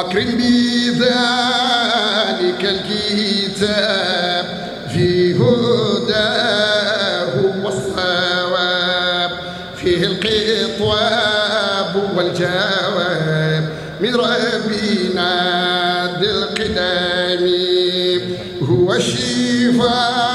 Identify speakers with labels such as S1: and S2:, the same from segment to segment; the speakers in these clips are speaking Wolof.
S1: أكرم بذلك الكتاب في هداه والصواب فيه القطواب والجواب من ربنا ذي القدام هو الشفاء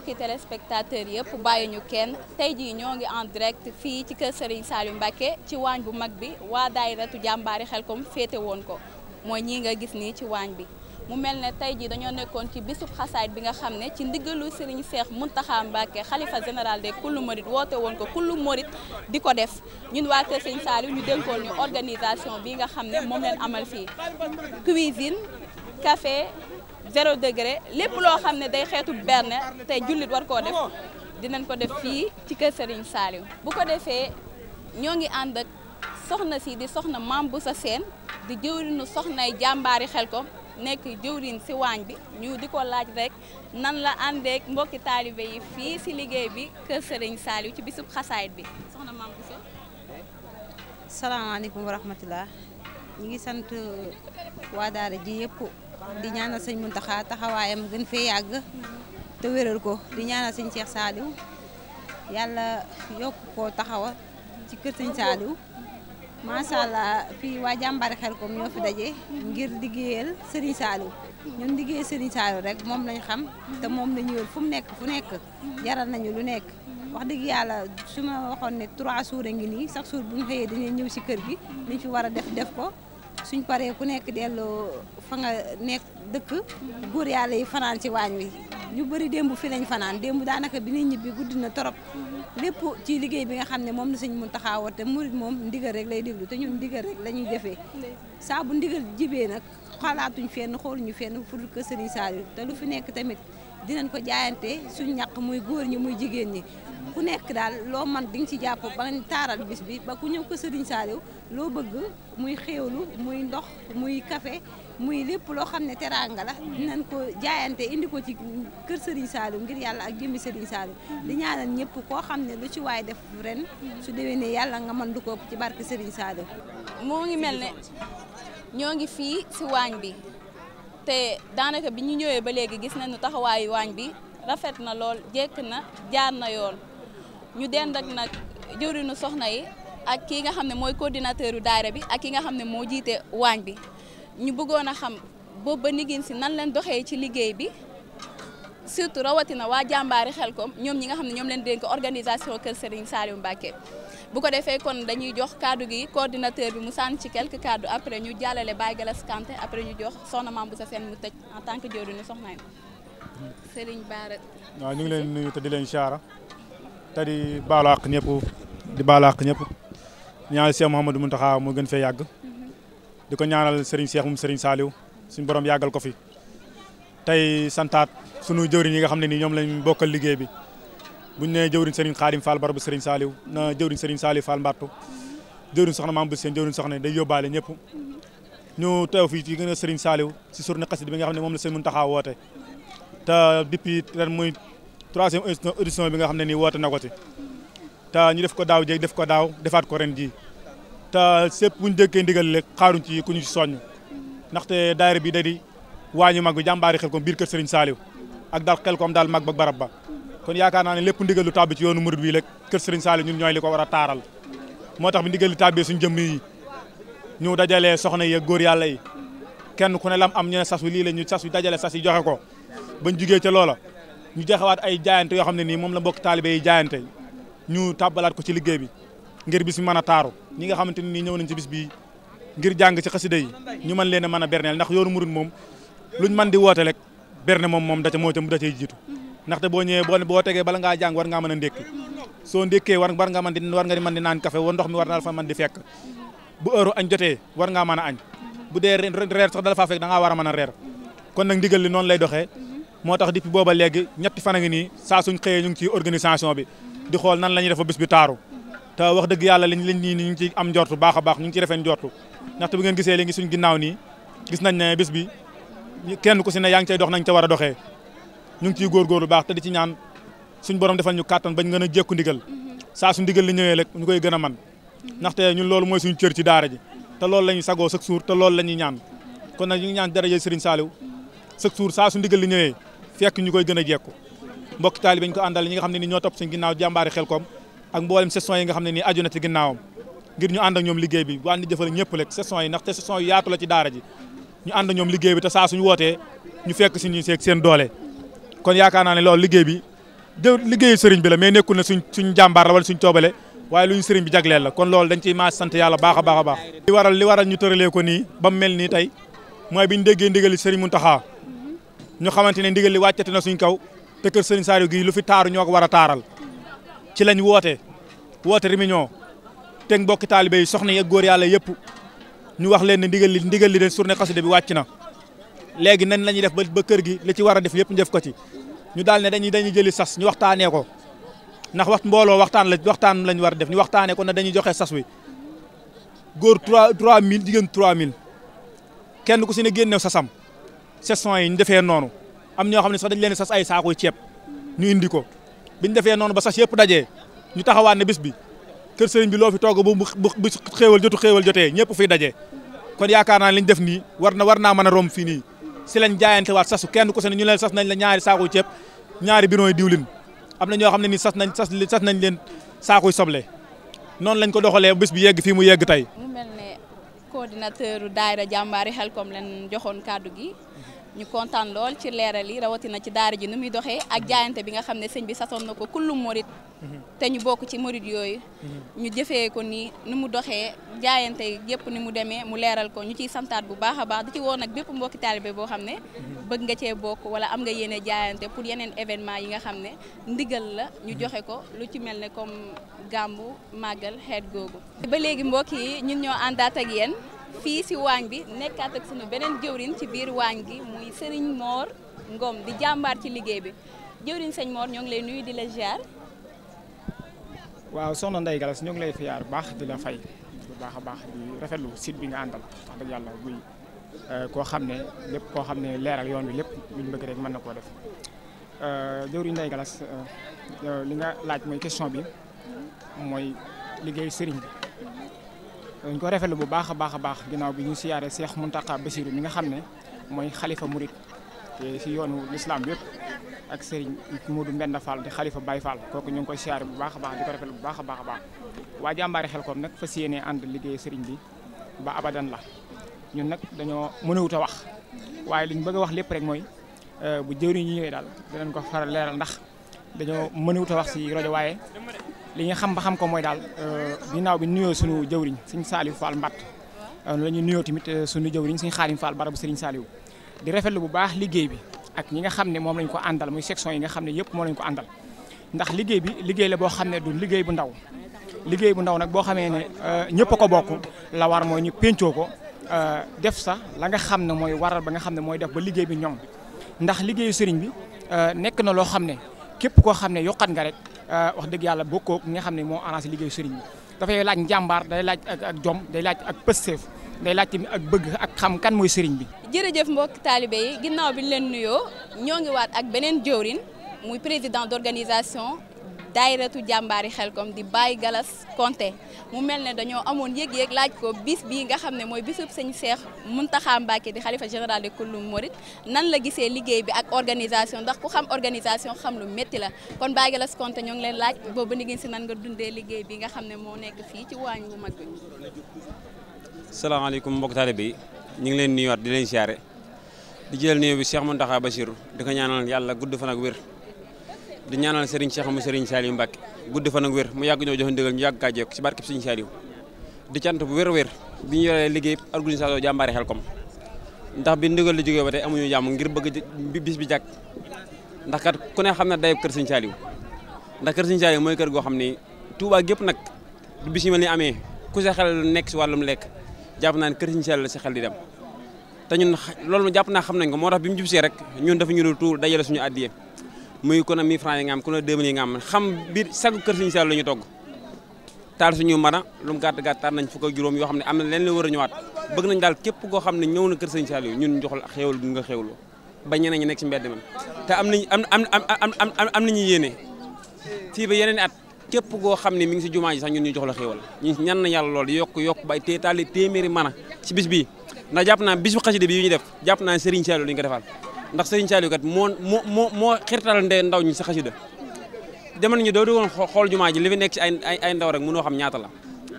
S2: mbokki téléspectateur yëpp bàyyi ñu kenn tey jii ñoo ngi en direct fii ci kër Serigne Saliou Mbacké ci waañ bu mag bi waa daayiratu jàmbaari Xelkom féete woon ko mooy ñii nga gis nii ci waañ bi mu mel ne tey jii dañoo nekkoon ci bisub xasaayit bi nga xam ne ci ndigalu seex mun Mountakha Mbacké xalifa général de kullu morit woote woon ko kullu morit di ko def ñun waa kër Serigne Saliou ñu dénkoon ñu organisation bi nga xam ne moom leen amal fii cuisine café zéro degré lépp loo xam ne day xeetu berne te jullit war koo def dinañ ko def fii ci kër Serigne Saliou bu ko defee ñoo ngi ànd ak soxna si di soxna maam bu sa seen di jëwrinu soxnay jàmbaari ko nekk jëwrin si waañ bi ñu di ko laaj rek nan la àndeek mbokki taalibe yi fii si liggéey bi kër Serigne saaliw ci bisub xasaayit bi soxna maam bu sa
S3: salaamaaleykum ngi sant waa ji yëpp di ñaanal sëñ Muntaxa taxawaayam gën fee yàgg te wéral ko di ñaanal sëñ Cheikh Saliou yàlla yokk koo taxawa ci kër sëñ Saliou macha allah fii waa jàmbaari ko ñoo fi daje ngir liggéeyal sëriñ Saliou ñun liggéeyal sëriñ Saliou rek moom lañ xam te moom la ñëwal fu mu nekk fu nekk jaral nañu lu nekk wax dëgg yàlla su ma waxoon ne trois jours a ngi nii chaque jour bu ñu xëyee dañuy ñëw si kër gi liñ fi war a def def ko suñ paree ku nekk delloo fa nga nekk dëkk góor yàlla yi fanaan ci waañ wi ñu bëri démb fi lañ fanaan démb daanaka bi ñuy ñibbi guddi na torop lépp ci liggéey bi nga xam ne moom la mun Muntaxa woote murit moom ndigal rek lay déglu te ñun ndigal la ñuy jëfee saa bu ndigal jibee nag xalaatuñ fenn xooluñu fenn fu dul kër Sëriñ Saliou te lu fi nekk tamit dinañ ko jaayante suñ ñàq muy góor ñi muy jigéen ñi ku nekk daal loo man di nga ci jàpp ba taaral bis bi ba ku ñëw ko Serigne Saliou loo bëgg muy xéewlu muy ndox muy kafe muy lépp loo xam ne teraanga la dinañ ko jaayante indi ko ci kër Serigne Saliou ngir yàlla ak jëmmi Serigne Saliou di ñaanal ñëpp koo xam ne lu ci waay def ren su déwénee yàlla nga mën du ko ci barke Serigne Saliou moo ngi mel ne
S2: ñoo ngi fii si waañ bi te daanaka bi ñu ñëwee ba léegi gis nañu taxawaayu waañ bi rafet na lool jekk na jaar na yoon ñu dend ak nag jëwriñu soxna yi ak ki nga xam ne mooy coordinateur yu daayira bi ak ki nga xam ne moo jiite waañ bi ñu bëggoon a xam boobu ba nigin si nan leen doxee ci liggéey bi surtout rawatina waa jàmbaari ko ñoom ñi nga xam ne ñoom leen dénk organisation Kër Serigne Saliou Mbacké bu ko defee kon dañuy jox kaddu gi coordinateur bi mu sànni ci quelque kaddu après ñu jàllale Baye Galas Kanté après ñu jox soxna Mame Bousso Sène mu tëj en tant que jëwriñu soxna yi mm-hmm. Serigne Bara
S4: waaw ñu ngi leen nuyu te di leen te di baalu àq ñëpp di baalu àq ñëpp ñaanal Cheikh Mouhamadou Mountakha mu gën fee yàgg di ko ñaanal Serigne Cheikh moom Serigne Saliou suñu borom ko fi tey santaat sunu jëwriñ yi xam ne nii ñoom lañ bokkal liggéey bi buñ nee jëwriñ Serigne Khadim Fall barabu Serigne Saliou na jëwriñ Serigne Saliou Fall Mbattu jëwriñ soxna Mame Boussène jëwriñ soxna day yóbbaale ñëpp ñu teew fii ci gën si journée xasida bi nga xam ne moom la Serigne Mountakha woote te depuis ren muy troisième édition bi nga xam ne nii woote na ko ci ta ñu def ko daaw jéeg def ko daaw defaat ko ren jii te sépp bu ñu déggee ndigal rek xaaruñ ci ku ñu ci soññ ndaxte daayira bi da di waa ñu mag bi jàmbaari xel ko biir kër Serigne Saliou ak daal xel kom daal mag ba barab ba kon yaakaar naa ne lépp ndigal lu tàbbi ci yoonu murid wi rek kër Serigne Saliou ñun ñooy li ko war a taaral moo tax bi ndigal li tàbbee suñu jëmm yi ñu dajalee soxna yi ak góor yàlla yi kenn ku ne lam am ñu ne sas wi lii la sas wi dajale sas yi joxe ko bañ jugee ca loola ñu jaxawaat ay jaayante yoo xam ne nii moom la mbokk taalibe yi jaayante ñu tàbbalaat ko ci liggéey bi ngir bis bi mën a taaru ñi nga xamante ne nii ñëw nañ ci bis bi ngir jàng ci xasida yi ñu mën leen a mën a berneel ndax yoonu murid moom lu luñ mën di woote rek berne moom moom daca moo ca da cay jiitu ndaxte boo ñëwee boo boo tegee bala ngaa jàng war ngaa mën a ndékki soo ndékkee war war nga mën di war nga mën di naan café wa ndox mi war na fa mën di fekk bu heure añ jotee war ngaa mën a añ bu dee reer sax dala faa fekk da ngaa a mën a reer kon nag ndigal li noonu lay doxee moo tax depuis booba léegi ñetti fan a ngi nii saa suñ xëyee ñu ngi ci organisation bi di xool nan la ñuy def bis bi taaru te wax dëgg yàlla liñ liñ nii ñu ngi ciy am njortu baax a baax ñu ngi ciy refeen njortu ndaxte bu ngeen gisee léegi suñ ginnaaw nii gis nañ ne bis bi kenn ku si ne yaa ngi cay dox nañ ca war a doxee ñu ngi ciy góorgóorlu baax te di ci ñaan suñ borom defal ñu kàttan bañ gën a jékku ndigal saa su ndigal li ñëwee rek ñu koy gën a man ndaxte ñun loolu mooy suñu cër ci daara ji te loolu la ñuy sagoo chaque jour te loolu la ñuy ñaan kon nag ñu ngi ñaan dara Serigne Saliou chaque jour saa su ndigal li ñëwee fekk ñu koy gën a jekku mbokki taalibe ñu ko àndal ñi nga xam ne ni ñoo topp suñ ginnaaw jàmbaari Xelkom ak mboolem session yi nga xam ne nii aju na ci ginnaawam ngir ñu ànd bi ñëpp rek session yi ndaxte session yi yaatu la ci daara ji ñu bi te suñu wootee ñu fekk suñu seeg seen doole kon yaakaar naa ne loolu liggéey bi de liggéeyu sëriñ bi la mais nekkul na suñ suñ jàmbaar la wala suñ coobale waaye lu ñu sëriñ bi jagleel la kon loolu dañ ciy sant yàlla baax a baax a baax li waral li waral ñu tëralee ko nii ba mel nii tey mooy biñ déggee ndigali sëriñ Muntaxa ñu xamante ne ndigal li wàccate na suñ kaw te kër Serigne Saliou gii lu fi taaru ñoo ko war a taaral ci lañ woote woote réunion teg mbokki taalibe yi soxna yi ak góor yàlla yëpp ñu wax leen ne ndigal li ndigal li de journée xasida bi wàcc na léegi nan la ñuy def ba kër gi la ci war a def yëpp ñu def ko ci ñu daal ne dañuy dañuy jëli sas ñu waxtaanee ko ndax wax mbooloo waxtaan la waxtaan lañ war a def ñu waxtaanee ko na dañuy joxe sas wi góor 3 3000 jigéen 3000 kenn ku si ne génnew sasam session yi ñu defee noonu am ñoo xam ne sax dañ leen ceeb ñu indi ko biñ na noonu ba sas yëpp ne bi kër sëriñ bi loo fi togg bu bu xéewal jotu xéewal jotee ñëpp fiy daje kon yaakaar naa liñ def nii war na war naa mën a rom fii nii si lañ jaayante waat sasu kenn ku se ne ñu leen sas nañ la ñaari saakuy ceeb ñaari biroy diwlin am na ñoo xam ne nii sas nañ sas sas nañ leen saakuy soble noonu lañ ko doxalee bis bi yegg fii mu yegg tey.
S2: mu mel ne xel comme leen joxoon kàddu gi. ñu kontaan lool ci leeral yi rawatina ci daara ji nu muy doxee ak jaayante bi nga xam ne sëñ bi sasoon na ko kullum morit te ñu bokk ci morit yooyu ñu jëfee ko ni nu mu doxee jaayante yëpp ni mu demee mu leeral ko ñu ciy santaat bu baax a baax di ci woon nag bépp mbokki taalibe boo xam ne bëgg nga cee bokk wala am nga yéene jaayante pour yeneen événement yi nga xam ne ndigal la ñu joxe ko lu ci mel ne comme gàmbu màggal xeet googu ba léegi mbokk fii si waañ bi nekkaat ak sunu beneen jëwrin ci biir waañ gi muy sëriñ Mor Ngom di jàmbaar ci liggéey bi jëwrin sëñ Mor ñoo ngi lay nuyu di la ziar.
S5: waaw
S6: soona Ndeye Galas ñoo ngi lay ziar baax di la fay bu baax a baax di rafetlu site bi nga àndal wax dëgg yàlla buy euh, koo xam ne lépp koo xam ne leeral yoon bi lépp luñ bëgg rek mën na koo def euh, jëwriñ Ndeye Galas euh, li nga laaj mooy question bi mooy liggéey sëriñ bi. dañ ko rafetlu bu baax a baax a baax ginnaaw bi ñu siyaare Cheikh Mountakha Bassirou mi nga xam ne mooy xalifa murit te si yoonu lislaam yëpp ak Serigne Modou Mbenda Fall di xalifa baay Fall kooku ñu ngi koy siyaare bu baax a baax di ko rafetlu bu baax a baax a baax waa jàmbaari Xelcom nag yéenee ànd liggéey Serigne bi ba abadan la ñun nag dañoo mënewut a wax waaye liñ bëgg a wax lépp rek mooy euh, bu jëwriñ ñi ñëwee daal dinañ ko faral leeral ndax dañoo mënewut a wax si rajo waaye li ñu xam ba xam ko mooy daal euh, ginnaaw bi nuyoo suñu jëwriñ suñu Saliou Fall Mbatt euh, la ñu nuyoo tamit euh, suñu jëwriñ suñu Xaadim Fall barabu Serigne Saliou di rafetlu bu baax liggéey bi ak ñi nga xam ne moom lañ ko àndal muy section yi nga xam ne yëpp moom lañ ko àndal ndax liggéey bi liggéey la boo xam ne du liggéey bu ndaw liggéey bu ndaw nag boo xamee ne ñëpp ko bokk la war mooy ñu péncoo ko def sax la nga xam ne mooy waral ba nga xam ne mooy def ba liggéey bi ñoom ndax liggéeyu sëriñ bi nekk na loo xam ne képp koo xam ne yokkat nga rek euh, wax dëgg yàlla bokkoo nga xam ne moo arrangé liggéeyu sëriñ bi dafay laaj njàmbaar day laaj ak ak jom day laaj ak pësteef day laaj tamit ak bëgg ak xam kan mooy sëriñ bi.
S2: jërëjëf mbokk taalibe yi ginnaaw bi ñu leen nuyoo ñoo ngi waat ak beneen jëwrin muy président d'organisation. daayiratu jàmbaari xelkom di bàyyi Galas Konté mu mel ne dañoo amoon yëg-yëg laaj ko bis bii nga xam ne mooy bisub sëñ Cheikh Mountakha Mbacké di xalifa général de kullum Mouride nan la gisee liggéey bi ak organisation ndax ku xam organisation xam lu métti la kon Baye Galas Konté ñoo ngi leen laaj boobu ni ngeen si nan nga dundee liggéey bi nga xam ne moo nekk fii ci waañ bu mag bi.
S7: salaamaaleykum mbokk taalibe ñu ngi leen nuyuwaat di leen siyaare di jël nuyu bi Cheikh Mountakha Bachir di ko ñaanal yàlla gudd fan ak wér. di ñaanal Serigne Cheikh mu Serigne Saliou Mbacke gudd fan ak wér mu yàgg ñoo joxe ndigal ñu yàgg kaa jekk ci barkeb Serigne Saliou di cant bu wér wér bi ñu yoree liggéey organisation jàmbaari xel kom ndax bi ndigal la jógee ba tey amuñu jàmm ngir bëgg bis bi jàkk ndax ku ne xam ne dayoo kër Serigne Saliou ndax kër Serigne mooy kër goo xam ne Touba gépp nag du bis yi mel ni amee ku sa xel nekk si wàllum lekk jàpp naan kër Serigne Saliou la sa xel di dem te ñun loolu jàpp naa xam nañ ko moo tax bi mu jub see rek ñun daf ñu dul dajale suñu addiye muy ku ne 1000 yi nga am ku ne yi nga am xam biir chaque kër Serigne Saliou la ñu togg taal suñu mën a lu mu gàtt gàtt taal nañ fukk juróom yoo xam ne am na leen la war a ñëwaat bëgg nañ daal képp koo xam ne ñëw na kër Serigne Saliou ñun joxal xéewal bu nga xéewloo ba ñeneen ñi nekk ci mbedd man te am nañ am am am am nañu yéene fii ba yeneen at képp koo xam ne mi ngi si jumaa ji sax ñu ñu jox la xéewal ñu ñan na yàlla lool yokk yokk bay téetaali téeméeri mën a si bis bii ndax jàpp naa bisu xasida bi yu ñu def jàpp naa Serigne Saliou li ñu ko defal ndax sëriñ Saliou kat moo moo moo xirtal ndee ndaw ñi sax sa xasida jamono ñu doo doon xool jumaa ji li fi nekk ci ay ay ndaw rek mënoo xam ñaata la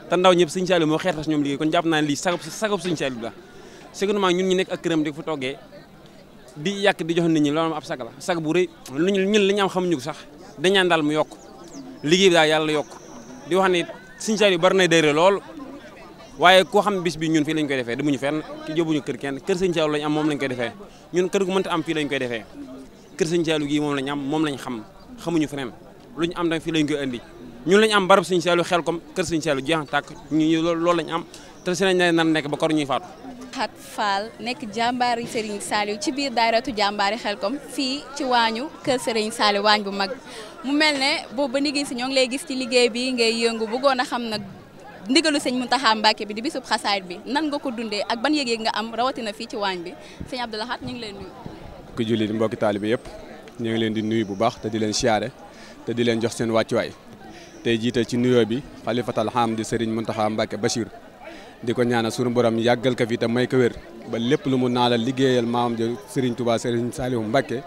S7: te ndaw ñëpp sëriñ Saliou moo xeertas ñoom liggéey kon jàpp naa ne lii sagab sagab sëriñ Saliou la secondement ñun ñu nekk ak këram di fu toggee di yàq di jox nit ñi loolu ab sag la sag bu rey rëy luñu ñun li ñu am xamuñu ko sax dañ ñaan daal mu yokk liggéey bi daal yàlla yokk di wax ne sëriñ Saliou bari na dëre lool waaye koo xam bis bi ñun fii lañ koy defee demuñu fenn ki ñu kër kenn kër sëriñ Saliou lañ am moom lañ koy defee ñun kër gu mënta am fii lañ koy defee kër sëñ Saliou gii moom lañ am moom lañ xam xamuñu feneen lu ñu am tam fii lañ koy ñun lañ am barab sëñ Saliou xel comme kër sëñ Saliou jeex tàkk ñu loolu lañ am te nañ ne nan nekk ba kor ñuy faatu
S2: Xat Fall nekk jàmbaari Serigne Saliou ci biir daayiratu jàmbaari xelkom fii ci waañu kër Serigne Saliou waañ bu mag mu mel ne boobu ba ni si ñoo ngi lay gis ci liggéey bi ngay yëngu bëggoon a xam nag ndigalu sëñ Mountakha Mbacké bi di bisub xasaayit bi nan nga ko dundee ak ban yëg-yëg nga am rawatina fii ci waañ bi sëñ Abdou Lahad ñu ngi leen nuyu
S8: ku yëpp ñu ngi leen di nuyu bu baax te di leen siyaare te di leen jox seen wàccuwaay tey jiital ci nuyoo bi xalifatal xam di sëriñ Mountakha Mbacké Bachir di ko ñaanal sunu borom yàggal ko fi te may ko ba lépp lu mu naalal liggéeyal maamam ja sëriñ Touba sëriñ Saliou Mbacké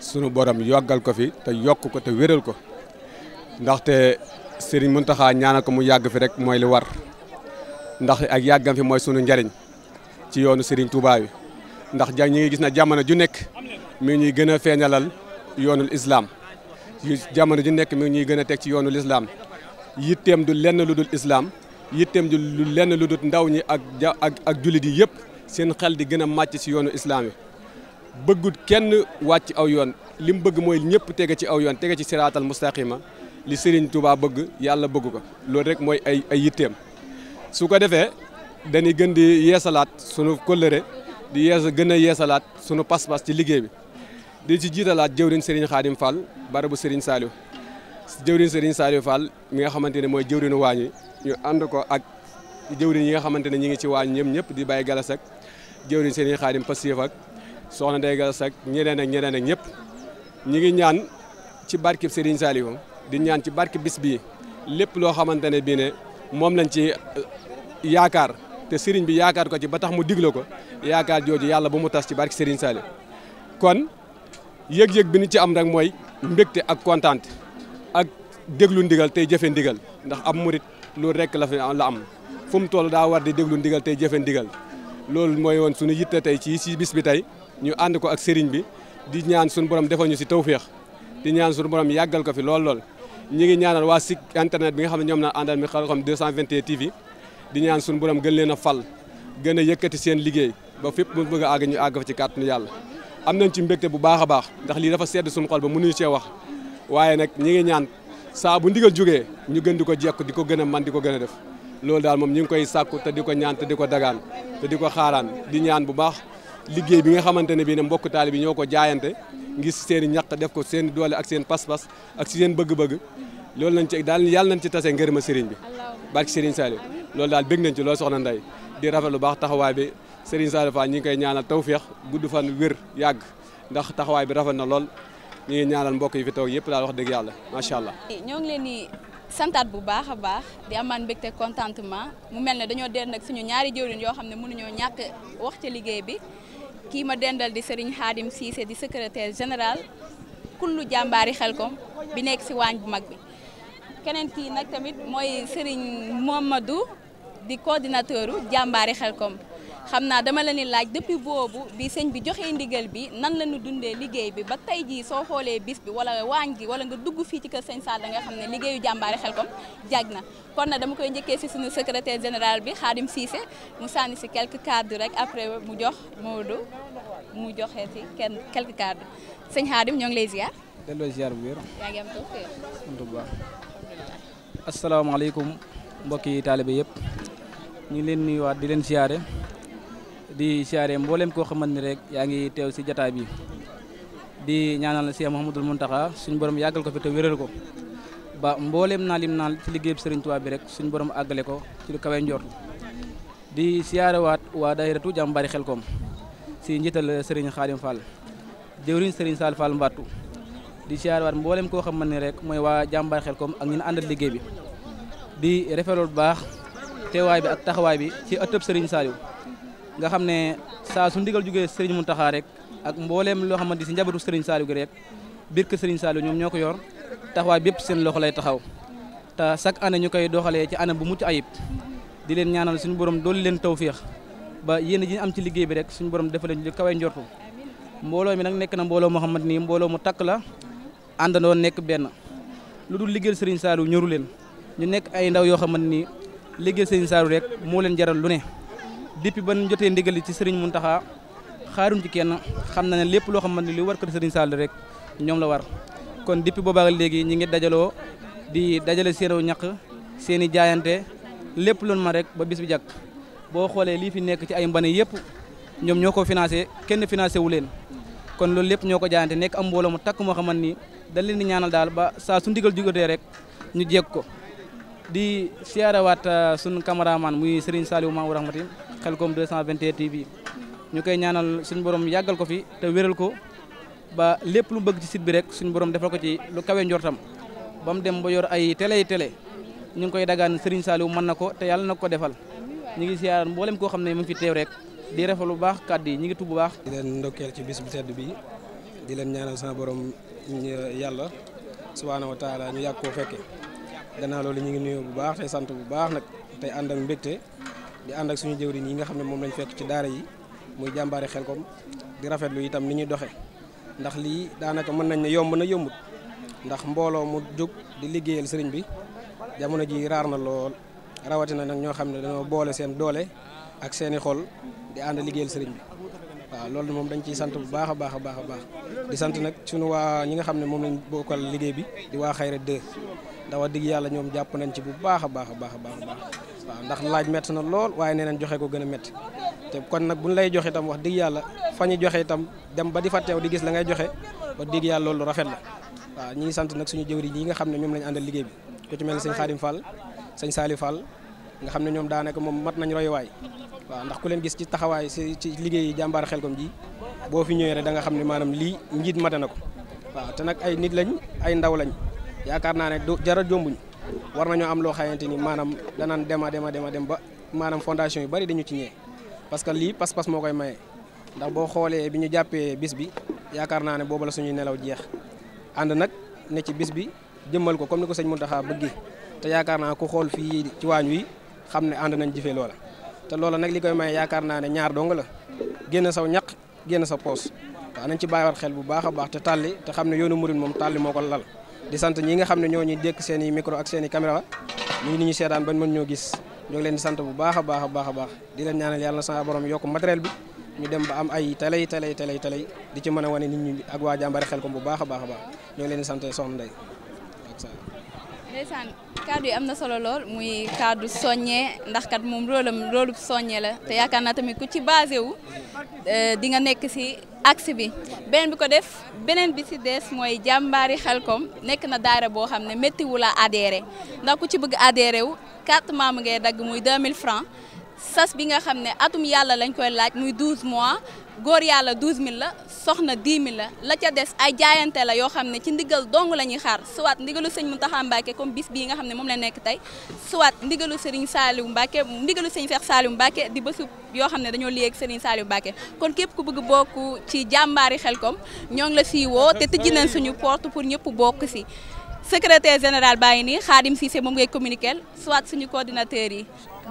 S8: sunu borom yoggal ko fi te yokk ko te wéral ko ndaxte mun Mountakha ñaanal ko mu yàgg fi rek mooy li war ndax ak yàggam fi mooy sunu njariñ ci yoonu Serigne Touba bi ndax ja ñi ngi gis na jamono ju nekk mi ñuy gën a feeñalal yoonu islam jamono ju nekk mi ñuy gën a teg ci yoonu islam yitteem du lenn lu dul islaam yitteem du lenn lu dul ndaw ñi ak ja ak ak jullit yi yëpp seen xel di gën a màcc ci yoonu islam yi bëggut kenn wàcc aw yoon li mu bëgg mooy ñëpp tege ci aw yoon tege ci siraatal mustaqima li Serigne Touba bëgg yàlla bëgg ko loolu rek mooy ay ay yitteem su ko defee dañuy gën di yeesalaat sunu kóllëre di yees gën a yeesalaat sunu pas-pas ci liggéey bi di ci jiitalaat jëwriñ Serigne Khadim Fall barabu Serigne Saliou jëwriñ Serigne Saliou Fall mi nga xamante ne mooy jëwriñu waañ yi ñu ànd ko ak jëwriñ yi nga xamante ne ñi ngi ci waañ ñëm ñëpp di bàyyi galas ak jëwriñ Serigne Khadim Passif ak soxna Ndeye Galas ak ñeneen ak ñeneen ak ñëpp ñi ngi ñaan ci barkeb Serigne Saliou di ñaan ci barke bis bii lépp loo xamante ne bii ne moom lañ ci euh, yaakaar te sëriñ bi yaakaar ko ci ba tax mu digle ko yaakaar jooju yàlla bu mu tas ci barke sëriñ Saliou kon yëg-yëg bi ni ci am rek mooy mbégte ak kontaan ak déglu ndigal tey jëfe ndigal ndax am murit loolu rekk la fi la am fu mu toll daa war di déglu ndigal tey jëfe ndigal loolu mooy woon sunu yitte tey ci si bis bi tey ñu ànd ko ak sëriñ bi di ñaan sunu borom defal ñu si tawféex di ñaan suñu borom yàggal ko fi lool lool ñu ngi ñaanal waa site internet bi nga xam ne ñoom naan àndal mi xel kom 221 TV di ñaan suñu borom gën leen a fal gën a yëkkati seen liggéey ba fépp mu bëgg a àgg ñu àgg fa ci nu yàlla am nañ ci mbégte bu baax a baax ndax lii dafa sedd suñ xol ba mënuñu cee wax waaye nag ñu ngi ñaan saa bu ndigal jógee ñu gën di ko jekk di ko gën a man di ko gën a def loolu daal moom ñu ngi koy sàkku te di ko ñaan te di ko dagaan te di ko xaaraan di ñaan bu baax liggéey bi nga xamante ne bii ne mbokk taali bi ñoo ko jaayante ngir seen i ñaq def ko seen doole ak seen pas-pas ak seen bëgg-bëgg loolu nañ ci daal yàlla nañ ci tase ngërëma Serigne bi barki Serigne Saliou loolu daal bég nañ ci loolu soxna Ndeye di rafet lu baax taxawaay bi Serigne Saliou Fall ñi ngi koy ñaanal tawféex gudd fan wér yàgg ndax taxawaay bi rafet na lool ñu ngi ñaanal mbokk yi fi toog yëpp daal wax dëgg yàlla macha allah.
S2: ñoo ngi leen di santaat bu baax a baax di amaan mbégte contentement mu mel ne dañoo deen suñu ñaari jëwriñ yoo xam ne mënuñoo ñàkk wax ci liggéey bi kii ma dendal di Serigne Khadim Cissé di secrétaire général kullu jàmbaari Xelcom bi nekk si waañ bu mag bi keneen kii nag tamit mooy Serigne Momadou di coordinateur u jàmbaari Xelcom xam naa dama la ni laaj depuis boobu bi sëñ bi joxee ndigal bi nan la ñu dundee liggéey bi ba tey jii soo xoolee bis bi wala waañ gi wala nga dugg fii ci kër sëñ Sall da nga xam ne liggéeyu jàmbaari Xelcom jag na kon na dama koy njëkkee si suñu secrétaire général bi Khadim Cissé mu sànni si quelques cadres rek après mu jox Maodo mu joxee si kenn quelques cadres sëñ xaadim ñoo ngi lay ziar.
S9: delloo ziar bu wér.
S2: yaa ngi am tawfeex.
S9: alhamdulilah. asalaamaaleykum mbokki taalibe yëpp ñu leen nuyuwaat di leen ziare. di siyaare mboolem koo xamante ni rek yaa ngi teew si jataay bi di ñaanal Cheikh Mouhamadul Mountakha suñ borom yàggal ko fi te wéral ko ba mboolem naa lim naal ci liggéeyub Serigne Touba bi rek suñ borom àggale ko ci lu kawe njort di siyaare waat waa daayiratu jàmbaari Xelkom si njiital sëriñ Khadim Fall jëwriñ Serigne Sall Fall Mbattu di siyaare waat mboolem koo xamante ni rek mooy waa jàmbaari Xelkom ak ñi àndal liggéey bi di rafetlu baax teewaay taxawaay bi ci ëttëb Serigne Saliou. nga xam ne saa su ndigal jógee mu Mountakha rek ak mbooleem loo xamante si njabootu Serigne Saliou gi rek biir kër Serigne Saliou ñoom ñoo ko yor taxawaay bépp seen loxo lay taxaw te chaque année ñu koy doxalee ci anam bu mucc ayib di leen ñaanal suñu borom doolu leen tawféex ba yéen ji am ci liggéey bi rek suñu borom defal ñu li kaway njortu mbooloo mi nag nekk na mbooloo moo xamante ni mbooloo mu takk la àndandoo nekk benn lu dul liggéey Serigne Saliou ñoru leen ñu nekk ay ndaw yoo xamante ni liggéeyal Serigne Saliou rek moo leen jaral lu ne depuis ba njotee jotee ndigal ci mun Mountakha xaaruñ ci kenn xam na ne lépp loo xamante ni lu war kër Serigne Sall rek ñoom la war kon depuis boobaa léegi ñi ngi dajaloo di dajale seen aw ñaq seen i jaayante lépp loolu ma rek ba bis bi jàkk boo xoolee lii fi nekk ci ay mbane yëpp ñoom ñoo ko financé kenn financé wu leen kon loolu lépp ñoo ko jaayante nekk am mbooloo mu takk moo xamante ni dañ leen di ñaanal daal ba saa su ndigal jugatee rek ñu jéeg ko di siyaarawaat uh, sunu cameraman muy Serigne Saliou Maou Rahmatin Khelcom 221 TV ñu koy ñaanal suñu borom yàggal ko fi te wéral ko ba lépp lu bëgg ci sit bi rek suñu borom defal ko ci lu kawe njortam ba dem ba yor ay télé tele ñu ngi koy dagaan Serigne Saliou mën na ko te yàlla na ko defal ñu ngi siyaar mboolem koo xam ne mu ngi fi teew rek di rafetlu lu baax kàddu yi ñu ngi tu bu baax. di leen ndokkeel ci bis bu tedd bi di leen ñaanal sama borom
S10: yàlla subhaanahu wa taala ñu yàgg koo fekke gannaa loolu ñu ngi nuyoo bu baax tey sant bu baax nag tey ànd ak di ànd ak suñu jëwriñ yi nga xam ne moom lañ fekk ci daara yi muy jàmbaari Xelkom di rafetlu itam ni ñuy doxee ndax lii daanaka mën nañ ne yomb na yombut ndax mbooloo mu jóg di liggéeyal sëriñ bi jamono ji raar na lool rawatina nag ñoo xam ne dañoo boole seen doole ak seeni xol di ànd liggéeyal sëriñ bi waaw loolu moom dañ ciy sant bu baax a baax a baax a baax di sant nag suñu waa ñi nga xam ne moom lañ bokkal liggéey bi di waa Xayra 2 ndax wax dëgg yàlla ñoom jàpp nañ ci bu baax a baax a baax a baax. waaw ndax laaj métti na lool waaye nee nañ joxe ko gën a métti te kon nag buñ lay joxe itam wax dëgg yàlla fa ñu joxe itam dem ba di fa teew di gis la ngay joxe wax dëgg yàlla loolu rafet la waaw ñi ngi sant nag suñu jëw jëwriñ yi nga xam ne ñoom lañu àndal liggéey bi ku ci mel ne sëñ Xaadim Saali Fall nga xam ne ñoom daanaka moom mat nañ royuwaay waaw ndax ku leen gis ci taxawaay ci ci liggéey jàmbaar Xelcom ji boo fi ñëwee rek da nga xam ne maanaam lii njiit mate na ko waaw te nag ay nit lañ ay ndaw lañ yaakaar naa ne jara jombuñ war nañoo am loo xamante ni maanaam danaan dema dema dema dem ba maanaam fondation yu bari dañu ci ñee parce que lii pas-pas moo koy maye ndax boo xoolee bi ñu jàppee bis bi yaakaar naa ne boobu la suñuy nelaw jeex ànd nag ne ci bis bi jëmmal ko comme ni ko sëñ Mountakha bëggee te yaakaar naa ku xool fii ci waañ wi xam ne ànd nañ jëfee loola te loola nag li koy maye yaakaar naa ne ñaar dong la génn saw ñaq génn sa poos waaw nañ ci bàyyiwaat xel bu baax a baax te tàlli te xam ne yoonu murit moom tàlli moo ko lal di sant ñi nga xam ne ñoo ñuy dekk seeni i micro ak seen i caméra ñii ni ñu seetaan bañ mën ñoo gis ñoo ngi leen di bu baax a baax a baax a baax di leen ñaanal yàlla na sa borom yokk matériel bi ñu dem ba am ay talay talay talay talay di ci mën a wane nit ñi ak waa jàmbari xel ko bu baax a baax a baax ñoo leen di sant soxna
S2: Ndeye ak sa yi am na solo lool muy kaddu soññee ndax kat moom rôlam rôlub soññee la te yaakaar naa tamit ku ci basé wu euh, di nga nekk si axe bi beneen bi ko def beneen bi ci des mooy jàmbaari xelkom nekk na daare boo xam ne méttiwu la adhéré ndax ku ci bëgg adhéré wu carte membre ngay dagg muy 2000 francs sas bi nga xam ne atum yàlla lañ koy laaj muy 12 mois góor yàlla mille la soxna 10000 la la ca des ay jaayante la yoo xam ne ci ndigal dong la ñuy xaar soit ndigalu sëñ Mountakha Mbacké comme bis bii nga xam ne moom la nekk tey soit ndigalu Serigne Saliou Mbacké ndigalu sëñ Cheikh Saliou Mbacké di bésu yoo xam ne dañoo liyeeg Serigne Saliou Mbacké kon képp ku bëgg bokk ci jàmbaari Xelcom ñoo ngi la siy woo te tëjji nañ suñu porte pour ñëpp bokk si secretaire général baa ngi nii Khadim Cissé moom ngay communiquer soit suñu coordinateur yi.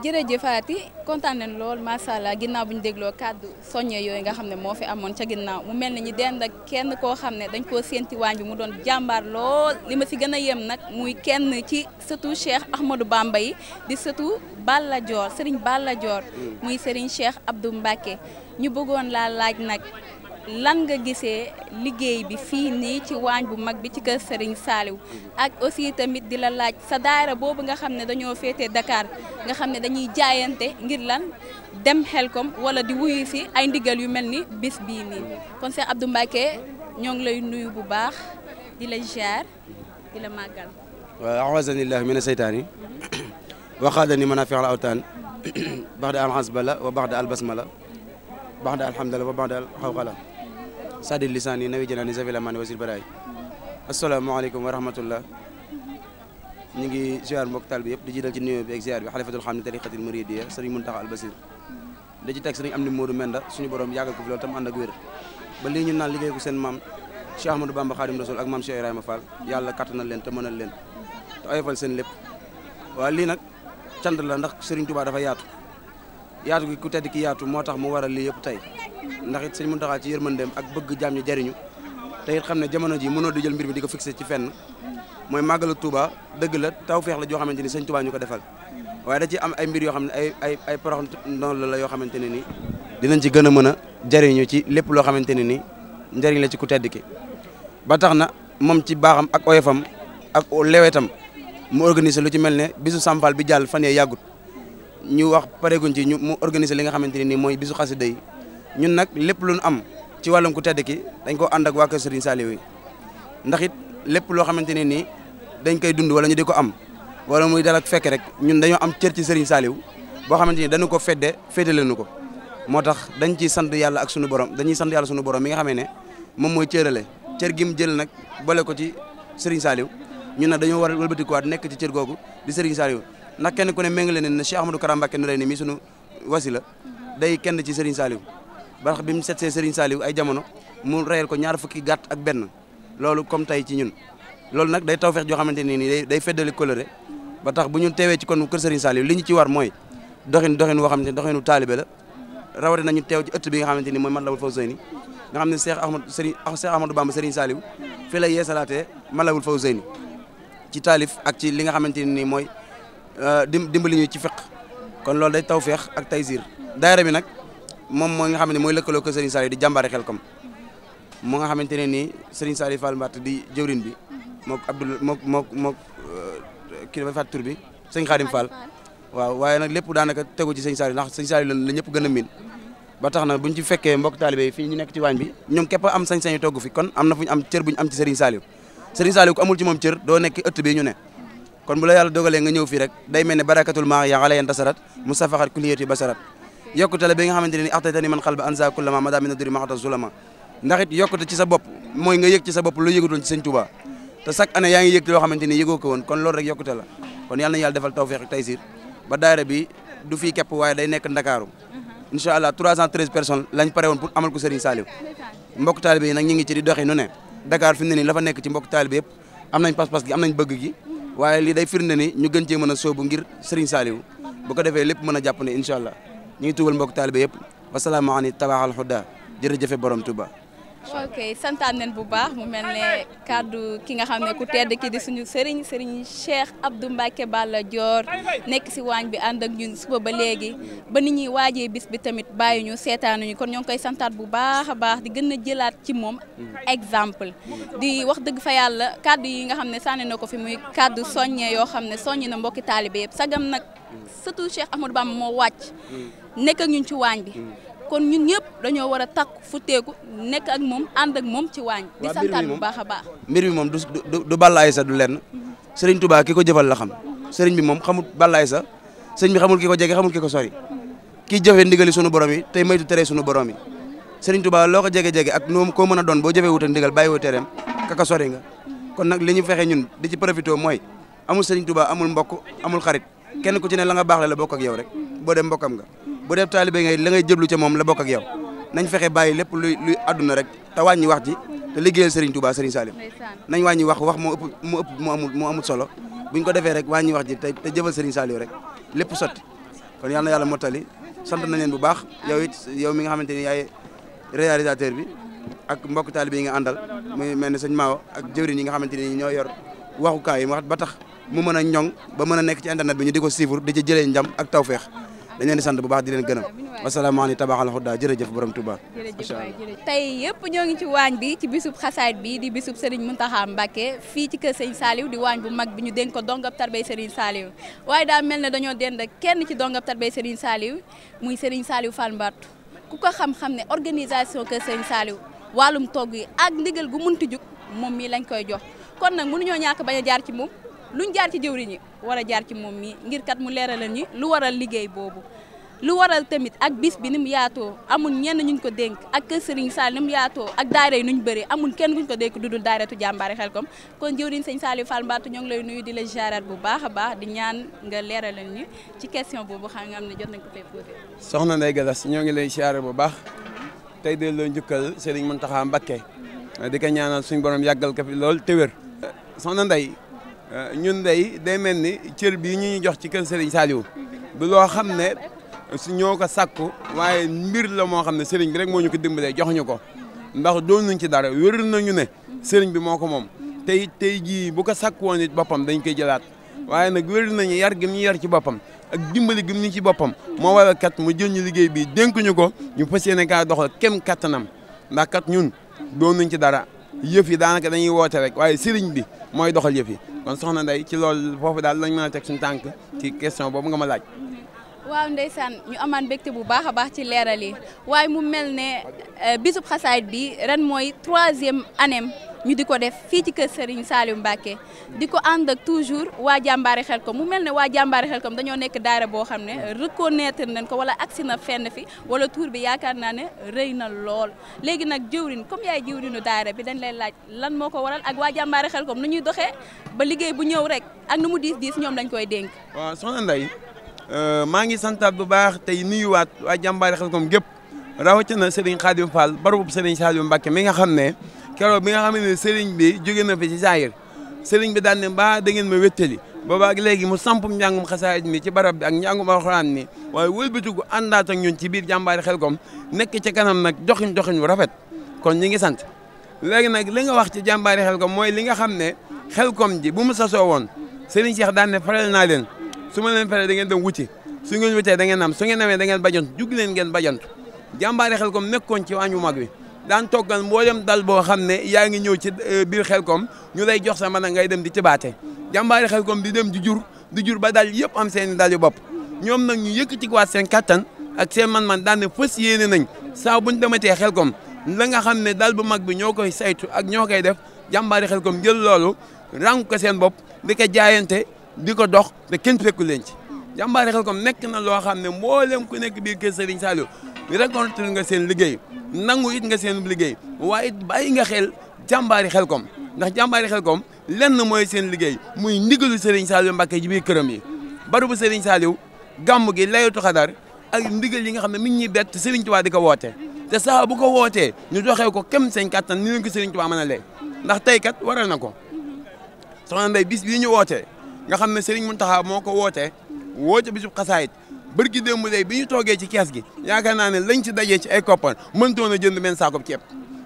S2: jërëjëfaati kontaan nañ lool macha allah ginnaaw bu ñu dégloo kàddu soññe yooyu nga xam ne moo fi amoon ca ginnaaw mu mel ni ñu dend ak kenn koo xam ne dañ koo séenti waañ bi mu doon jàmbaar lool li ma si gën a yem nag muy kenn ci sëtu Cheikh Ahmadou Bamba yi di sëtu Balla Dior Serigne muy Serigne Cheikh Abdou Mbacke ñu bëggoon laa laaj nag. lan nga gisee liggéey bi fii nii ci waañ bu mag bi ci kër Serigne Saliou ak aussi tamit di la laaj sa daara boobu nga xam ne dañoo féetee Dakar nga xam ne dañuy jaayante ngir lan dem xel xelkom wala di wuyu si ay ndigal yu mel ni bis bii nii kon Cheikh Abdou Mbacké ñoo ngi lay nuyu bu baax di la ziar di la màggal.
S11: waaw ahwasanillah mina seytaani waxaadani mën a fexal awtaan baxda alxasbala wa baxda albasmala baxda alhamdala wa baxda alxawqala sa sadil lisani nawi janaani zafil amani wasil baraay asalaamaaleykum wa rahmatullah ñu ngi ziar mbokk taal bi yëpp di jiital ci nuyoo bi ak ziar bi xalifatul xam ne tariqatil muridiya sëriñ Muntaxa al Basir da ci teg sëriñ am ni Moodu Menda suñu borom yàggal ko fi loolu tam ànd ak wér ba lii ñu naan liggéey ko seen maam Cheikh Ahmadou Bamba Xaadim Rasul ak maam Cheikh Ibrahima Fall yàlla kattanal leen te mënal leen te oyofal seen lépp waaw lii nag cant la ndax sëriñ Tuubaa dafa yaatu yaatu gi ku tedd ki moo tax mu waral lii yëpp tey ndax it sëñ Muntaxa ci yërmandeem ak bëgg jaam ñi jariñu te xam ne jamono ji mënoo di jël mbir mi di ko fixé ci fenn mooy màggalu Touba dëgg la taw feex la joo xamante ni sëñ Touba ñu ko defal waaye da ci am ay mbir yoo xam ne ay ay ay parox ndono la yoo xamante ne ni dinañ ci gën a mën a jariñu ci lépp loo xamante ne ni njëriñ la ci ku tedd ki ba tax na moom ci baaxam ak oyofam ak lewetam mu organiser lu ci mel ne bisu Samfal bi jàll fan yee yàggut ñu wax pareeguñ ci ñu mu organiser li nga xamante ne nii mooy bisu xasida yi ñun nag lépp lu ñu am ci wàllum ku tedd ki dañ koo ànd ak waa ko Serigne Saliou yi ndax it lépp loo xamante ne nii dañ koy dund wala ñu di ko am wala muy dal ak fekk rek ñun dañoo am cër ci Serigne Saliou boo xamante ni dañu ko fedde féetale nu ko moo tax dañ ciy sant yàlla ak sunu borom dañuy sant yàlla sunu borom mi nga xamee ne moom mooy cërale cër gi mu jël nag bole ko ci Serigne Saliou ñun nag dañoo war a wëlbatikuwaat nekk ci cër googu di Serigne Saliou ndax kenn ku ne méngale ne ne Cheikh Ahmadou Karam Mbacké Noreyni mi sunu wasila day kenn ci Serigne Saliou barax bi mu set see Serigne Saliou ay jamono mu reyal ko ñaar fukki gàtt ak benn loolu comme tey ci ñun loolu nag day taw feex joo xamante ni day day feddali coloré ba tax bu ñun teewee ci kon kër Serigne Saliou li ñu ci war mooy doxin doxin woo xamante ni doxinu taalibe la rawatina nañu teew ci ëtt bi nga xamante ni mooy Matlabul Fawzayni nga xam ne Cheikh Ahmad Serigne ah, Cheikh Ahmadou Bamba Serigne Saliou fii la yeesalaatee Matlabul Fawzayni ci taalif ak ci li nga xamante ni nii mooy euh, dimbali ñu ci fiq kon loolu day tawfeex ak taysiir daayira bi nag moom mooy nga xam ne mooy lëkkaloo ko Serigne Saliou di jàmbaare Xelkom mu nga xamante ne nii Serigne Saliou Fall Mbatt di jëwrin bi mook Abdoul mook mook mook euh, kii dafa fàtt tur bi sëñ Xaadim Fall waaw waaye nag lépp daanaka tegu ci sëñ Saliou ndax sëñ Saliou la ñëpp gën a miin ba tax na buñ ci fekkee mbokk taalibe yi fii ñu nekk ci waañ bi ñoom képp am sañ-sañu togg fi kon na fu ñu am cër bu ñu am ci Serigne Saliou amul ci moom cër doo nekk ëtt bi ñu ne kon bu la yàlla dogalee nga ñëw fii rek day mel ne barakatul maa yaa xale yeen tasarat musafaxat kuliyati basarat yokkute la nga xamante ne ni axtayta ni man xal ba ansa kullama mada mina duri maxatan sulama ndax yokkute ci bopp mooy nga yëg ci bopp lu yëgutoon ci sëñ Touba te chaque année yaa ngi yëg loo xamante ni yëgoo ko woon kon loolu rek yokkute la bi du fii képp waaye day nekk Ndakaaru incha allah 313 personnes lañ pare woon pour amal ko Serigne Saliou mbokk taalibe yi nag ñu ngi ci di doxi nu ne Dakar fi nekk ci mbokk taalibe yëpp am nañ pas-pas gi am nañ bëgg gi waaye lii day firnde ni ñu gën cee mën ko defee lépp mën a jàpp ne incha ñu ngi tuubal mbokk taalibe yëpp wasalaamu ani tabaxal xuda jërëjëfe borom Touba.
S2: ok santaan nañ bu baax mu mel ne kàddu ki nga xam ne ku tedd ki di suñu Serigne Serigne Cheikh Abdou Mbacke Balla joor nekk si waañ bi ànd ak ñun suba ba léegi ba ni ñuy waajee bis bi tamit bàyyi ñu seetaanuñu kon ñoo ngi koy santaat bu baax a baax di gën na jëlaat ci moom exemple di wax dëgg fa yàlla kàddu yi nga xam ne sànnee na ko fi muy kàddu soññee yoo xam ne soññ na mbokki taalibe yëpp nag surtout Cheikh Amadou Bamba moo wàcc nekk ak ñun ci waañ bi mm. kon ñun ñëpp dañoo war a takk futteeku nekk ak moom ànd ak moom ci waañ di santaan bu baax a baax
S11: mbir mi moom du du bàllaay sa du lenn mm-hmm. sëriñ Touba ki ko jëfal la xam mm-hmm. sëriñ bi moom xamul bàllaay sa sëriñ bi xamul ki ko jege xamul ki ko sori mm-hmm. kii jëfee ndigali sunu borom yi tey maytu tere sunu borom yi sëriñ Touba loo ko jege-jege ak noom ko mën a doon boo jëfee wutal ndigal bàyyi woo tereem kaka sori nga kon nag li ñu fexe ñun di ci profité mooy amul sëriñ Touba amul mbokk amul xarit kenn ku ci ne la nga baax la bokk ak yow rek boo dem mbokkam nga bu dee taalibe ngay la ngay jëblu ca moom la bokk ak yow nañ fexe bàyyi lépp luy luy àdduna rek te wàññi wax ji te liggéeyal Serigne Touba Serigne Salim nañ wàññi wax wax moo ëpp moo ëpp moo amul moo amul solo buñ ko defee rek wàññi wax ji te te jëfal Serigne Salim rek lépp sot kon yàlla na yàlla mottali sant na leen bu baax yow it yow mi nga xamante ni yaay réalisateur bi ak mbokk taalibe yi nga àndal muy mel ne sëñ Mao ak jëwriñ yi nga xamante ni ñoo yor waxukaay yi wax ba tax mu mën a ñoŋ ba mën a nekk ci internet bi ñu di ko suivre di ci jëlee njam ak tawfeex dañ leen di sant bu baax di leen gënal wasalaamaaleykum tabaxal xuddaa jërëjëf borom Touba. jërëjëf
S2: tey yëpp ñoo ngi ci waañ bi ci bisub xasaayit bi di bisub Serigne Mountakha Mbacké fii ci kër Serigne di waañ bu mag bi ñu dénk ko dongab tarbey Serigne Saliou waaye daa mel ne dañoo dend kenn ci dongab tarbey Serigne Saliou muy sëriñ Saliou Fall Mbattu ku ko xam-xam ne organisation kër Serigne Saliou wàllum togg yi ak ndigal gu munti jug moom mii lañ koy jox kon nag mënuñoo ñàkk bañ a jaar ci moom luñ jaar ci jëwriñ ñi war a jaar ci moom mi ngir kat mu leeralal ñi lu waral liggéey boobu lu waral tamit ak bis bi ni mu yaatoo amul ñenn ñu ñu ko dénk ak kër Serigne Sall ak daayira yi nu ñu bëree amul kenn kuñ ko dénk dudul daayiratu jàmbaari Xelcom kon jëwriñ sëñ Saliou Fall Mbattu ñoo ngi lay nuyu di la jaaraat bu baax a baax di ñaan nga leeralal ñu ci question boobu xam nga am ne jot nañ ko fay posé.
S12: soxna Ndeye Galas ñoo ngi lay siyaare bu baax tey de loo njukkal Serigne Mountakha Mbacké di ko ñaanal suñu borom yàggal ko fi lool te soxna nday Euh, ñun day day mel ni cër bii ñu ñu jox ci kër Serigne Saliou mm-hmm. du loo xam ne su ñoo ko sakku waaye mbir la moo xam ne Serigne bi rek moo ñu ko dimbalee jox ñu ko mm-hmm. ndax doon nañ ci dara wér nañu ne mm-hmm. Serigne bi moo ko moom tey tey jii bu ko sakku woon it boppam dañ koy jëlaat waaye nag wér nañu yar gi mu ci boppam ak dimbali gi mu ci boppam moo waral kat mu jël ñu liggéey bii dénk ko ñu fas yéene kaa doxal kem kattanam ndax ñun nañ ci dara yëf yi daanaka dañuy woote rek waaye Serigne bi mooy doxal yëf yi. kon soxna Ndeye ci loolu foofu daal lañ mën a teg suñu tànk ci question boobu nga ma laaj.
S2: waaw ndeysaan ñu amaan mbégte bu baax a baax ci leeral yi waaye mu mel ne euh, bisub xasaayit bi ren mooy troisième année ñu di ko def fii ci kër Serigne Saliou Mbacke di ko ànd ak toujours waa jàmbaari ko mu mel ne waa jàmbaari xelkom dañoo nekk daara boo xam ne reconnaître nañ ko wala agsi na fenn fi wala tuur bi yaakaar naa ne rëy na lool léegi nag jëwrin comme yaay jëwrinu daara bi dañ lay laaj lan moo ko waral ak waa jàmbaari xelkom nu ñuy doxee ba liggéey bu ñëw rek ak nu mu diis diis ñoom lañ koy dénk.
S12: waaw soxna Ndeye Euh, maa ngi santaat bu baax tey nuyuwaat waa jàmbaari Xelcom gépp rawatina Serigne Khadim Fall barabub Serigne Saliou Mbacké mi nga xam ne keroog bi nga xam ne Serigne bi jóge na fi ci saayir Serigne bi daan ne mbaa da ngeen ma wéttali boobaak léegi mu sampum njàngum xasaayit mi ci barab bi ak njàngum alxuraan mi waaye wëlbatiku àndaat ak ñun ci biir jàmbaari Xelcom nekk ci kanam nag joxin joxin bu rafet kon ñi ngi sant léegi nag li nga wax ci jàmbaari Xelcom mooy li nga xam ne Xelcom ji bu mu sasoo woon Serigne Cheikh daan ne faral naa leen su ma leen feree da ngeen dem wuti su ngeen wutee da ngeen am su ngeen amee da ngeen bajantu jug leen ngeen bajantu xel kom nekkoon ci waañu mag wi daan toggal mboolem dal boo xam ne yaa ngi ñëw ci eh, biir xel kom ñu lay jox sa mën a ngay dem di ci baate jàmbaari xel kom di dem di jur di jur ba dal yëpp am seen bopp ñoom nag ñu yëkkati waat seen kattan ak seen man-man daan ne fës yéene nañ saa buñ dematee xel kom la nga xam ne dal bu mag bi ñoo koy saytu ak ñoo koy def jàmbaari xel kom jël loolu ràng ko seen bopp di ko jaayante di ko dox de kenn fekku leen ci jàmbaar xel kom nekk na loo xam ne mboolem ku nekk biir kër Serigne Saliou rencontre nga seen liggéey nangu it nga seen liggéey waaye it bàyyi nga xel jàmbaari xel kom ndax jàmbaari xel kom lenn mooy seen liggéey muy ndigalu Serigne Saliou Mbacké ji biir këram yi baru bu Serigne Saliou gàmm gi layatu xadar ak ndigal yi nga xam ne mi ngi ñuy bett Serigne waa di ko woote te saa bu ko wootee ñu doxee ko kem seen kattan ni leen ko Serigne Touba mën a lee ndax tey kat waral na ko soxna Mbaye bis bii ñu wootee nga xam ne mun Mountakha moo ko wootee woote bisub xasaayit bërki démb day bi ñu toogee ci kees gi yaakaar naa ne lañ ci dajee ci ay koppar mëntoon a jënd benn saako ceeb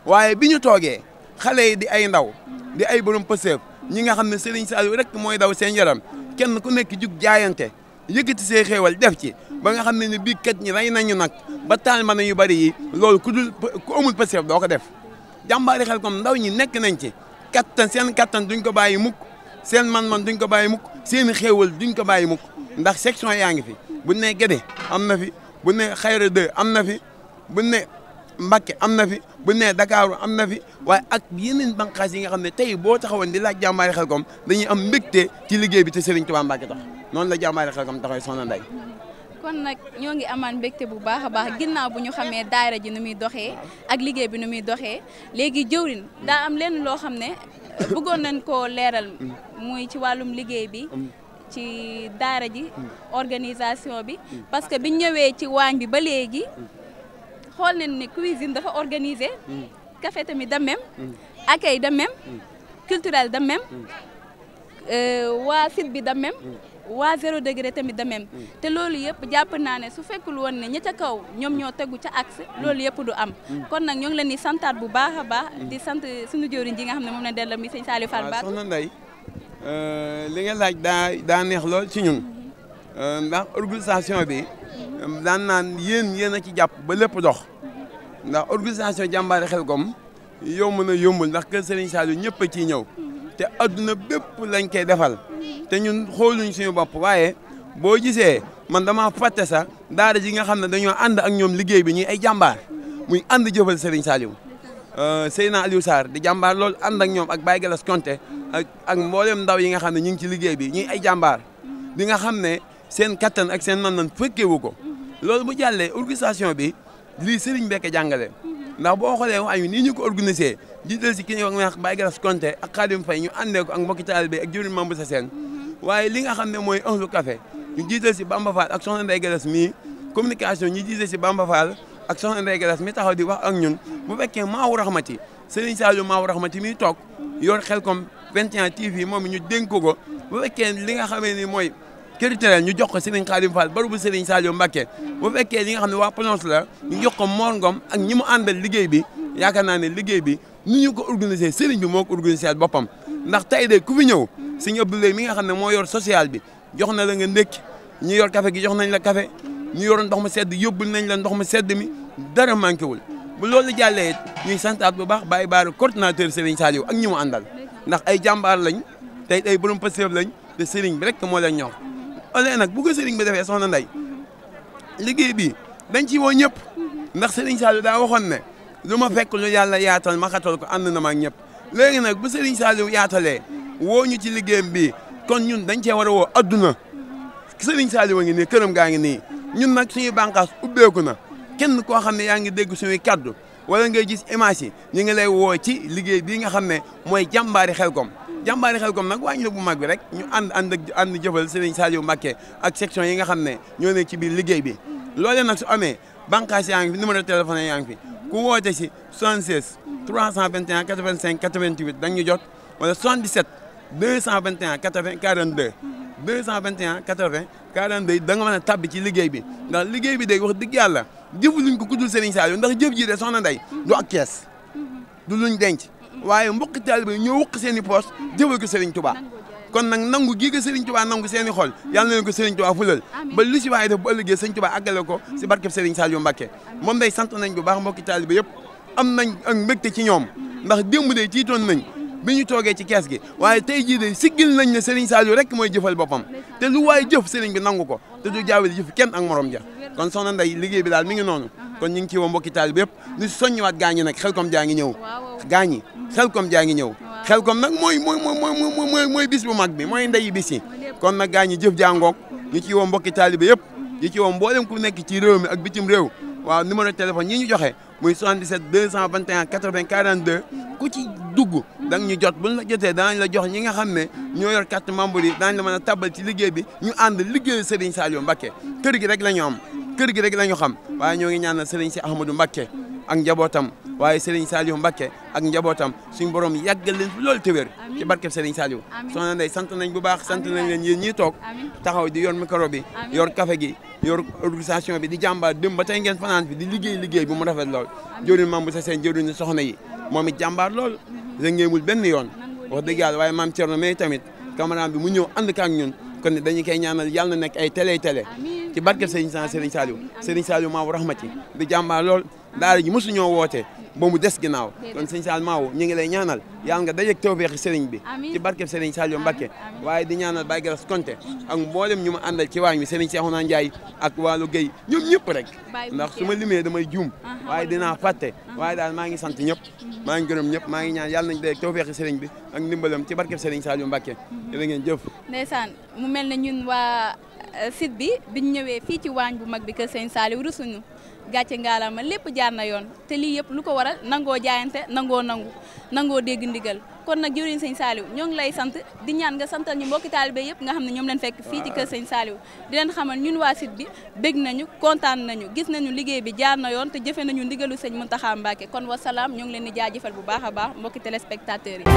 S12: waaye bi ñu toogee xale yi di ay ndaw di ay borom pëseef ñi nga xam ne Serigne Saliou rek mooy daw seen yaram kenn ku nekk jug jaayante yëkkati see xéewal def ci ba nga xam ne ne bii kat ñi rey nañu nag ba taal ma nañu bari yi loolu ku dul ku amul pëseef doo ko def jàmbaari xel comme ndaw ñi nekk nañ ci kattan seen kattan duñ ko bàyyi mukk seen man-man duñ ko bàyyi mukk seen i xéewal duñ ko bàyyi mukk ndax section yaa ngi fi buñ ne Guédé am na fi buñ ne Xayra 2 am na fi buñ ne Mbacké am na fi buñ ne Dakar am na fi waaye ak yeneen banqaas yi nga xam ne tey boo taxawoon di laaj jàmbaari Xelkom dañuy am mbégte ci liggéey bi te Serigne Touba Mbacké tax noonu la jàmbaari Xelkom taxawee Soxna Ndeye
S2: kon nag ñoo ngi amaan mbégte bu baax a baax ginnaaw bu ñu xamee daayira ji nu muy doxee ak liggéey bi nu muy doxee léegi jëwrin daa am lenn loo xam ne bëggoon nañ koo leeral. muy ci wàllum liggéey bi. Mm. ci daara ji. Mm. organisation bi. Mm. parce que biñ ñëwee ci waañ bi ba léegi. xool nañ ne cuisine dafa organisé. café tamit de même. accueil de même. culturel de même. Euh, waa site bi de même. waa zéro degré tamit de même mm. te loolu yëpp jàpp naa ne su fekkul woon ne ña ca kaw ñoom ñoo tegu ca axe mm. loolu yëpp du am mm. kon nag ñoo ngi leen di santaat bu baax a baax di sant suñu jëwriñ ji nga xam ne moom la della mi sëñ Saliou Fall Ba soxna
S12: Ndeye euh, laaj daa daa neex lool ci ñun mm-hmm. euh, ndax organisation bi daan naan yéen yéen a ci jàpp ba lépp dox mm-hmm. ndax organisation jàmbaari Xelcom yomb na yombul ndax kër Serigne Saliou ñëpp a ciy ñëw mm-hmm. te adduna bépp lañ koy defal te ñun xooluñ suñu bopp waaye boo gisee man damaa fàtte sax daara ji nga xam ne dañoo ànd ak ñoom liggéey bi ñuy ay jàmbaar muy ànd jëfal Serigne Saliou euh, Seyna Aliou Sarr di jàmbaar loolu ànd ak ñoom ak Baye Galas ak ak mboolem ndaw yi nga xam ne ñu ngi ci liggéey bi ñuy ay jàmbaar di nga xam ne seen kattan ak seen man-man fekkewu ko loolu bu jàllee organisation bi lii Serigne Mbeke jàngale ndax boo xoolee wax ñu nii ñu ko organisé jiital si ki ñuy wax may Baye Konte ak Khadim ñu àndee ko ak mbokki taalibe bi ak jëwriñ mm-hmm. waaye li nga xam ne mooy Euhlou Café ñu jiital si Bamba Fall ak soxna Ndeye Galas mii communication ñu jiital si Bamba Fall ak soxna Ndeye Galas mi taxaw di wax ak ñun bu fekkee Maawu Rahmati Serigne Saliou Maawu Rahmati mi toog yor Khelcom 21 TV moom ñu dénk ko bu fekkee li nga xamee ni mooy culturel ñu jox ko Serigne Khadim Fall baru bu Serigne Sadio Mbacké bu fekkee li nga xam ne waa Prononce la ñu ko Mor Ngom ak ñi mu àndal liggéey bi yaakaar naa ne liggéey bi ni ñu ko organisé Serigne bi moo ko organisé boppam ndax tey de ku fi ñëw Serigne Abdoulaye mi nga xam ne moo yor social bi jox na la nga ndékki ñu yor kafe gi jox nañ la café ñu yoroon ndox mu sedd yóbbul nañ la ndox mu sedd mi dara manqué wul bu loolu jàllee ñuy santaat bu baax bàyyi baar coordinateur Serigne Saliou ak ñi àndal ndax ay jàmbaar lañ tey ay borom Pastef lañ te bi rek moo leen ñor ole oh, nag bu ko sëriñ bi defee soxna nday liggéey bi dañ ci woo ñëpp ndax sëriñ Saliou daa waxoon ne lu ma fekk lu yàlla yaatal ma xatal ko ànd na ma ak ñëpp léegi nag bu sëriñ Saliou yaatalee woo ñu ci liggéeyam bi kon ñun dañ cee war a woo adduna sëriñ Saliou a ngi nii këram gaa ngi nii ñun nag suñuy bànqaas ubbeeku na kenn koo xam ne yaa ngi dégg suñuy kaddu wala ngay gis image yi ñu ngi lay woo ci liggéey bii nga xam ne mooy jàmbaari Xelcom jàmbaari xel kom nag waañu la bu mag bi rek ñu ànd ànd ak ànd jëfal Serigne Saliou Mbacké ak section yi nga xam ne ñoo ne ci biir liggéey bi loolee nag su amee bànqaas yaa ngi fi numéro téléphone yaa ngi fi ku woote si 76 321 85 88 dañ ñu jot wala 77 221 80 42 221 80 42 da nga mën a tabbi ci liggéey bi ndax liggéey bi day wax dëgg yàlla jëf luñ ko kuddul Serigne Saliou ndax jëf ji de soxna Ndeye du ak kees mm-hmm. waaye mbokk taalibe yi ñoo wëq seen i poos jëfal ko Serigne Touba kon nag nangu gii ko Serigne Touba nangu seen i xol yàlla na leen ko Serigne Touba fulal ba li si waaye def bu ëllëgee Serigne Touba àggale ko si barkeb Serigne Saliou Mbacké moom day sant nañ bu baax mbokki taalibe yëpp am nañ ak mbégte ci ñoom ndax démb dey tiitoon nañ bi ñu toogee ci kees gi waaye tey jii de siggil nañ ne Serigne Saliou rek mooy jëfal boppam te lu waaye jëf Serigne bi nangu ko te du jaawale jëf kenn ak morom ja kon soxna Ndeye liggéey bi daal mi ngi noonu kon ñu ngi ci woo mbokki taalibe yëpp ñu soññiwaat gaa ñi nag Xelcom jaa ngi ñëw gaa ñi Xelcom jaa ngi ñëw Xelcom nag mooy mooy mooy mooy mooy bis bu mag bi mooy ndeyi bisi kon nag gaa ñi jëf jàngoog ñu ci woo mbokki taalibe yëpp ñu ci woo mboolem ku nekk ci réew mi ak bitim réew waaw numéro téléphone yi ñu joxe muy 77 221 80 42 ku ci dugg da nga ñu jot buñ la jotee danañ la jox ñi nga xam ne ñoo yor carte membre yi daañ la mën a tabal ci liggéey bi ñu ànd liggéey Serigne Saliou Mbacké kër gi rek la ñu am kër gi rek la ñu xam waaye ñoo ngi ñaanal sëriñ si Ahmadou Mbacké ak njabootam waaye sëriñ Saliou Mbacké ak njabootam suñu borom yàggal leen fi loolu te wér ci barkeb sëriñ Saliou soxna Ndeye sant nañ bu baax sant nañ leen yéen ñii toog taxaw di yor micro bi yor café gi yor organisation bi di jàmbaar dem ba tey ngeen fanaan bi di liggéey liggéey bu mu rafet lool jëriñ maam bu sa yi moom it jàmbaar lool rëngeemul benn yoon wax dëgg yàlla waaye maam Thierno mais tamit camarade bi mu ñëw ànd ak ñun kon dañu koy ñaanal yàlla na nekk ay télé télé ci barke sëriñ sa sëriñ Saliou sëriñ Saliou maaw rahmati di jàmbaar lool daara ji mosu ñoo woote ba mu des ginnaaw kon sëriñ Saliou maaw ñu ngi lay ñaanal yàlla nga dajeeg tawfeexi sëriñ bi ci barke sëriñ Saliou Mbacké waaye di ñaanal Baye Garas Konté ak mboolem ñu ma àndal ci waañ bi sëriñ Cheikhouna Ndiaye ak wàllu Guèye ñoom ñëpp rek ndax su ma limee damay juum waaye dinaa fàtte waaye daal maa ngi sant ñëpp maa ngi gërëm ñëpp maa ngi ñaan yàlla nañ dajeeg tawfeexi sëriñ bi ak ndimbalam ci barke sëriñ Saliou Mbacké mhm. jërë ngeen jëf
S2: ndeysaan mu mel ne ñun waa sit bi ñu ñëwee fii ci waañ bu mag bi kër Sëñ Saliou rusuñu gàcce ngaalaama lépp jaar na yoon te lii yëpp lu ko waral nangoo jaayante nangoo nangu nangoo dégg ndigal kon nag jëriñ sañ Saliou ñoo ngi lay sant di ñaan nga santal ñu mbokki taalibe yëpp nga xam ne ñoom leen fekk fii ci kër sëñ saaliw di leen xamal ñun waa site bi bég nañu kontaan nañu gis nañu liggéey bi jaar na yoon te jëfe nañu ndigalu sëñ Mountakha
S5: Mbacké kon wasalaam ñoo ngi leen di jaajëfal bu baax a baax mbokki téléspectateurs yi